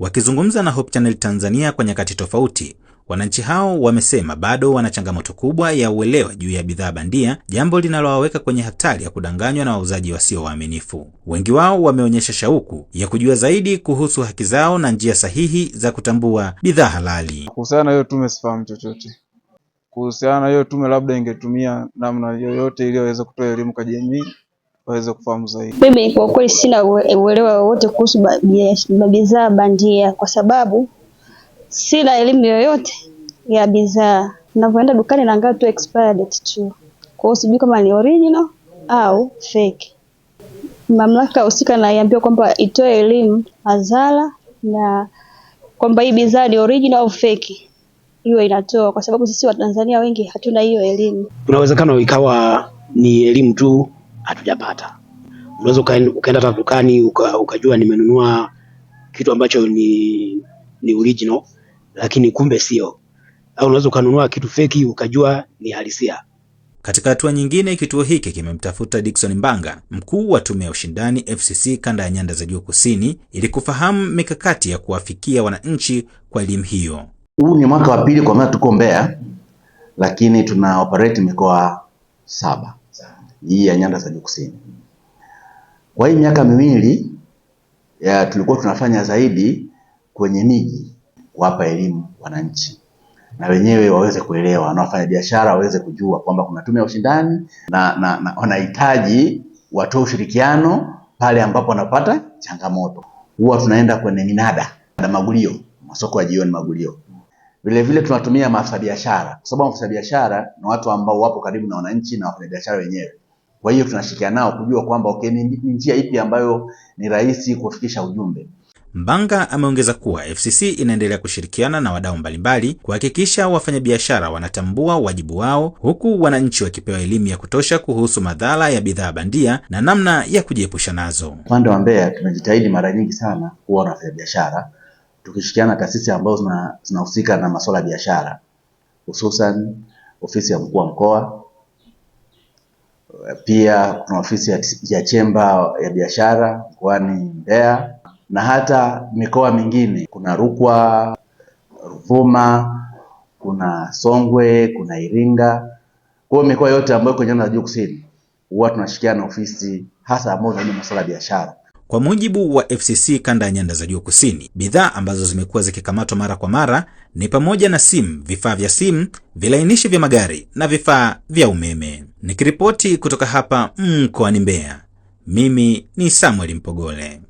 Wakizungumza na Hope Channel Tanzania kwa nyakati tofauti, wananchi hao wamesema bado wana changamoto kubwa ya uelewa juu ya bidhaa bandia, jambo linalowaweka kwenye hatari ya kudanganywa na wauzaji wasio waaminifu. Wengi wao wameonyesha shauku ya kujua zaidi kuhusu haki zao na njia sahihi za kutambua bidhaa halali. Kuhusiana na hiyo tume, sifahamu chochote kuhusiana na hiyo tume, labda ingetumia namna yoyote iliyoweza kutoa elimu kwa jamii waweze kufahamu zaidi. Mimi kwa kweli sina uelewa wowote kuhusu bidhaa bandia, kwa sababu sina elimu yoyote ya bidhaa. Ninapoenda dukani naangalia tu expired date tu, kwa hiyo sijui kama ni original au fake. Mamlaka husika naiambia kwamba itoe elimu, madhara na kwamba hii bidhaa ni original au fake hiyo inatoa, kwa sababu sisi Watanzania wengi hatuna hiyo elimu. Kuna uwezekano ikawa ni elimu tu hatujapata. Unaweza ukaenda hata dukani uka, ukajua nimenunua kitu ambacho ni, ni original lakini kumbe sio, au unaweza ukanunua kitu feki ukajua ni halisia. Katika hatua nyingine, kituo hiki kimemtafuta Dickson Mbanga, mkuu wa tume ya ushindani FCC kanda ya nyanda za juu kusini, ili kufahamu mikakati ya kuwafikia wananchi kwa elimu hiyo. Huu ni mwaka wa pili kwa maana tuko Mbeya, lakini tuna operate mikoa saba hii ya nyanda za juu kusini. Kwa hii miaka miwili ya tulikuwa tunafanya zaidi kwenye miji kuwapa elimu wananchi na wenyewe waweze kuelewa, na wafanya biashara waweze kujua kwamba kuna tume ya ushindani na, na, na wanahitaji watoe ushirikiano pale ambapo wanapata changamoto. Huwa tunaenda kwenye minada na magulio, masoko ya jioni, magulio. Vile vile tunatumia maafisa biashara, kwa sababu maafisa biashara ni watu ambao wapo karibu na wananchi na wafanya biashara wenyewe. Kwa hiyo tunashirikiana nao kujua kwamba okay, ni njia ipi ambayo ni rahisi kufikisha ujumbe. Mbanga ameongeza kuwa FCC inaendelea kushirikiana na wadau mbalimbali kuhakikisha wafanyabiashara wanatambua wajibu wao, huku wananchi wakipewa elimu ya kutosha kuhusu madhara ya bidhaa bandia na namna ya kujiepusha nazo. Upande wa Mbeya tunajitahidi mara nyingi sana kuwa na wafanyabiashara, tukishirikiana na taasisi ambazo zinahusika na masuala ya biashara, hususan ofisi ya mkuu wa mkoa pia kuna ofisi ya, ya chemba ya biashara mkoani Mbeya na hata mikoa mingine, kuna Rukwa, Ruvuma, kuna Songwe, kuna Iringa. Kwa hiyo mikoa yote ambayo iko nyanda za juu kusini huwa tunashikiana na ofisi hasa ambazo ni masuala ya biashara. Kwa mujibu wa FCC kanda ya nyanda za juu kusini, bidhaa ambazo zimekuwa zikikamatwa mara kwa mara ni pamoja na simu, vifaa vya simu, vilainishi vya magari na vifaa vya umeme. Nikiripoti kutoka hapa mkoani Mbeya, mimi ni Samuel Mpogole.